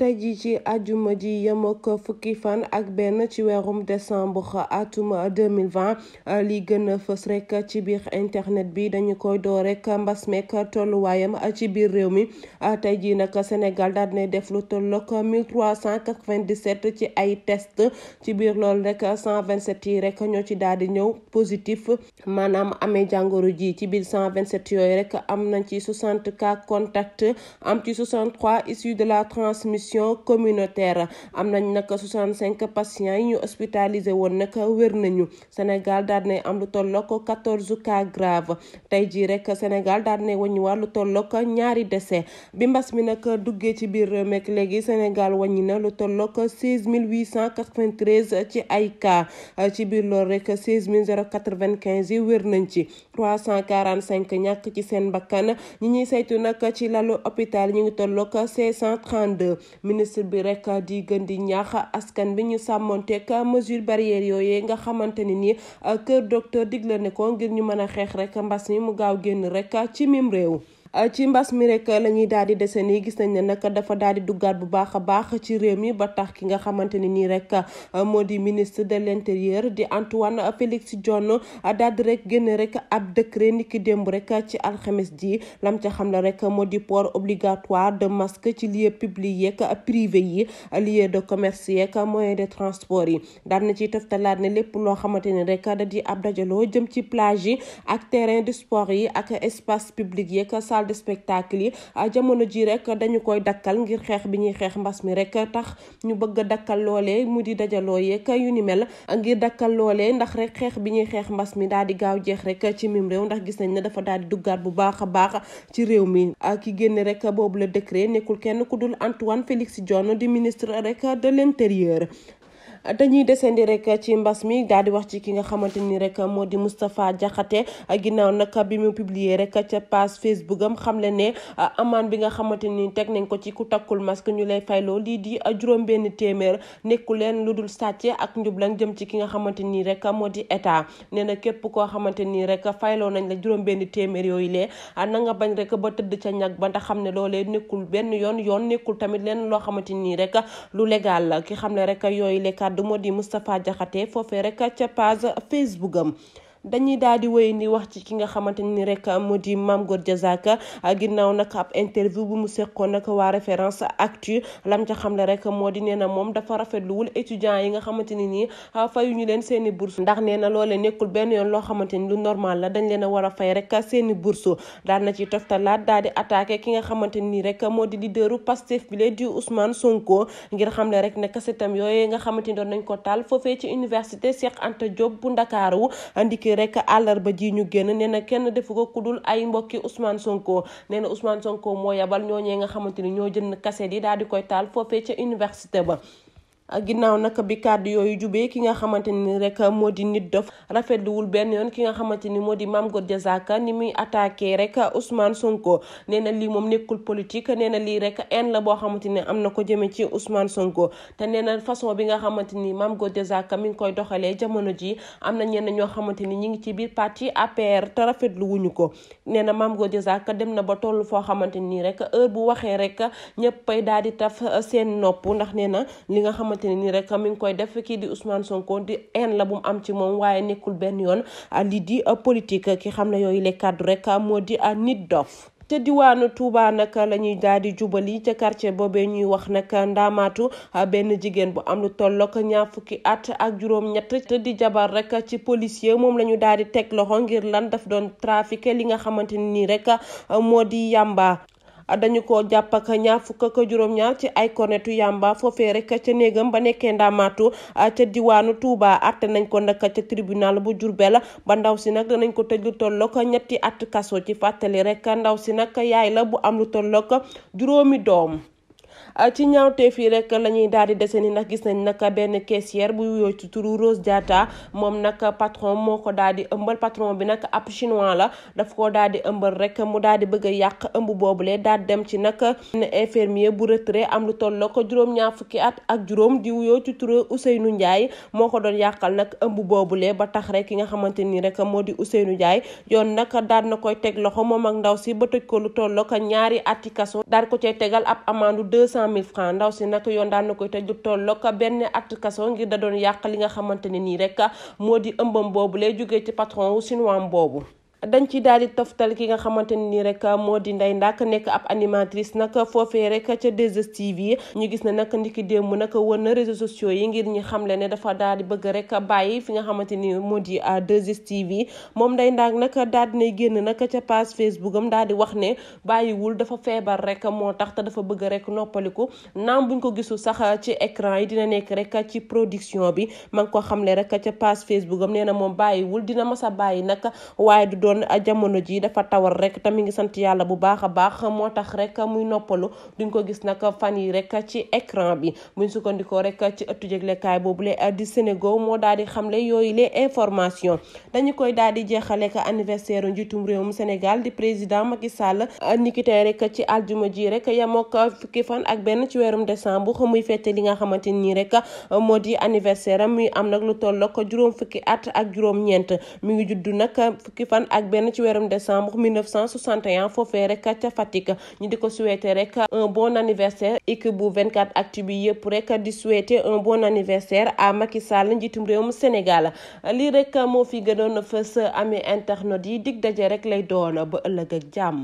tey jii ci ajuma ji yem ak fukki fan ak benn ci weerum décembre atum 2020 euh, li gën a fës rek ci biir internet bi dañu koy door rek mbas meek tolluwaayam ci biir réew mi euh, tey jii nag Sénégal daal dina def lu tollook 1397 ci ay test ci biir lool rek 127 yi rek ñoo ci daal di ñëw positif maanaam amee jàngoro ji ci biir 127 yooyu rek am nañ ci 60 cas contact am ci 63 de la transmission transmission communautaire am nañ nag 65 patients yi ñu hospitalisé woon nag wér nañu Sénégal daal am lu tollook 14 cas grave tey jii rek Sénégal daal nay wàññiwaat lu tollook ñaari décès bi mbas mi nag duggee ci biir meek léegi Sénégal wàññi na lu tollook 16 893 ci ay ca ci biir loolu rek 16 095 yi wér nañ ci 345 ñàkk ci seen bakkan ñi ñuy saytu nag ci lalu hôpital ñu ngi tollook 632 ministre bi rek di gën di ñaax askan bi ñu sàmmonteeg mesure barrière yooyu nga xamante ni nii kër docteur digla ne ko ngir ñu mën a xeex rek mbas mi mu gaaw génn rek ci mim réew Euh, ci mbas mi rek la ñuy daal di dese nii gis nañ ne nag dafa daal di duggaat bu baax a baax ci réew mi ba tax ki nga xamante ni nii rek euh, moo di ministre de l' intérieur di Antoine Félix Diome euh, daal di rek génne rek ab décret niki démb rek ci alxames ji lam ca xam la rek moo di port obligatoire de masque ci lieu public yeeg privé yi lieu de commerce yeeg moyen de transport yi daan na ciy toftalaat ne lépp loo xamante ni rek di ab dajaloo jëm ci plage yi ak terrain yi ak espace salle de spectacle yi ah, jamono ji rek dañu koy dakkal ngir xeex bi ñuy xeex mbas mi rek tax ñu bëgg a dakkal loolee mu di dajaloo yeeg yu ni mel ngir dakkal loolee ndax rek xeex bi ñuy xeex mbas mi daal di gaaw jeex rek ci mim réew ndax gis nañ ne dafa daal di duggaat bu baax a baax ci réew mi ak ah, ki génne rek boobu la décret nekkul kenn ku dul Antoine Félix Diome di ministre rek de l'intérieur dañuy desandi rek ci mbas mi daal di wax ci ki nga xamante nii rek moo di Moustapha Diakhaté ginnaaw nag bi mu publier rek ca page Facebook am xam le ne ah, amaan bi nga xamante nii teg nañ ko ci ku takkul masque ñu lay fayloo lii di juróom téeméer nekku leen lu dul sàcce ak njublan jëm ci ki nga xamante ni rek moo di état nee na képp koo xamante ni rek fayloo nañ la juróom-benn téeméer yooyu lee ah, na nga bañ rekk ba tëdd ca ñag ba ndax xam ne loolee nekkul benn yoon yoon nekkul tamit leen loo xamante ni rek lu légal la ki xam ne rek yooyu lekkat kàddu moo di Moustapha Diakhaté foofee rek ca page Facebook am dañuy daal di wéy ni wax ci ki nga xamante ni rek moo di Mame Gor a ginnaaw nag ab interview bu mu seqoon nag waa référence actu lam ca xamle rek moo di nee na moom dafa rafetluwul étudiants yi nga xamante ni nii ah, fayuñu leen seen i bourse ndax nee na loolee nekkul benn yoon loo xamante ni lu normal la dañ leen a war a fay rek seen i bourse daal na ci daal di attaque ki nga xamante ni rek moo di leaderu Pastef bi lee di Ousmane Sonko ngir xamle rek ne kasetam yooyu nga xamante ni doon nañ ko taal foofee ci université Cheikh Anta Diop bu Ndakaaru indiqué ki rek àllarba ji ñu génn nee na kenn defu ko ku dul ay mbokki usmaan Sonko nee na Ousmane Sonko moo yabal ñooñee nga xamante ni ñoo jënd kaset yi daal di koy taal foofee ca université ba ginnaaw nag bi kàddu yooyu jubee ki nga xamante ni rek moo di nit dof rafetluwul benn yoon ki nga xamante ni moo di Mame Gor Diazaka ni muy attaque rek Ousmane Sonko nee na lii moom nekkul politique nee na lii rek haine la boo xamante ni am na ko jëmee ci Ousmane Sonko te nee na façon bi nga xamante ni Mame Gor Diazaka mi ngi koy doxalee jamono ji am na ñenn ñoo xamante ni ñi ngi ci biir parti APR te rafetlu wuñu ko nee na Mame Gor Diazaka dem na ba toll foo xamante nii rek heure bu waxee rek ñëpp ay daal di taf seen nopp ndax nee li nga xamante xamante ne nii rek mi ngi koy def kii di usmaan Sonko di en la bu am ci moom waaye nekkul benn yoon ah, lii di ah, politique ki xam ne yooyu le kàddu rek ah, moo di nit dof ca diwaanu Touba nag la ñuy daal di jubali ca quartier boobee ñuy wax nag ndaamaatu benn jigéen bu am lu tollook ñaar fukki at ak juróom-ñett te di jabar rek ci policier moom la ñu daal di teg loxo ngir lan daf doon trafiqué li nga xamante ni nii rek moo di yàmba dañu ko jàpp ak ñaar fukk ak juróom-ñaar ci ay kornetu yamba foofee rek ca néegam ba nekkee ndaamaatu ah, ca diwaanu tuubaa atte nañ ko nag ca tribunal bu la ba ndaw si nag danañ ko tëj lu tollook ñetti at kaso ci fàttali rek ndaw si nag yaay la bu am lu tollook juróomi doom ci ñaawteef fii rek la ñuy daal di dese ni nag gis nañ nag benn caissière bu yooyu ci turu Rose Diatta moom nag patron moo ko daal di ëmbal patron bi nag ab chinois la daf ko daal di ëmbal rek mu dal di bëgg a yàq ëmb lee daal dem ci nag infirmier bu retraité am lu toll ko juróom-ñaar fukki at ak juróom di wuyoo ci turu Ousseynou Ndiaye moo ko doon yàqal nag ëmb boobule ba tax rek ki nga xamante ni rek moo di Ousseynou Ndiaye yoon nag daal na koy teg loxo moom ak ndaw si ba tëj ko lu toll ko ñaari tegal ab amende cent mille francs ndaw si nag yoon daan na koy tëj lu tolloog benn at kaso ngir da doon yàq li nga xamante ne nii rek moo di ëmbam boobu lay jógee ci patron wu sinuwaam boobu dañ ci daal di toftal ki nga xamante ne nii moo di Ndeye Ndack nekk ab animatrice nag foofee rek ca 2STV yi ñu gis ne nag ndiki démb nag wër na réseaux yi ngir ñu xamle ne dafa daal di bëgg rek bàyyi fi nga xamante ni moo di 2STV ah, moom Ndeye Ndack nag daal di nay génn nag ca page Facebook am daal di wax ne bàyyiwul dafa feebar rek moo tax te dafa bëgg rek noppaliku naam buñ ko gisul sax ci écran yi dina nekk rek ci production bi ma ngi ko xamle rek ca page Facebook am nee na moom bàyyiwul dina mas a bàyyi nag waaye du doon doon jamono ji dafa tawar rek te mi ngi sant yàlla bu baax a baax moo tax rek muy noppalu duñ ko gis nag fan yi rek ci écran bi buñ sukkandikoo rek ci ëttu jéglekaay boobule di Sénégal moo daal di xamle yooyu les informations dañu koy daal di jeexale ak anniversaire njiitum réewum Sénégal di président Macky Sall niki tey rek ci aljuma ji rek ko fukki fan ak benn ci weerum décembre muy fête li nga xamante nii rek moo di anniversaire am muy am nag lu toll ko juróom fukki at ak juróom ñeent mi ngi juddu nag fukki fan ak ak benn ci weerum décembre 1961 foofee rek ca Fatick ñu di ko souhaiter rek un bon anniversaire équipe bu 24 actu bi yëpp rek di souhaiter un bon anniversaire à Macky Sall njiitum réew mu Sénégal lii rek moo fi gënoon fës amee internet yi dig daje rek lay doon ba ëllëg ak jàmm.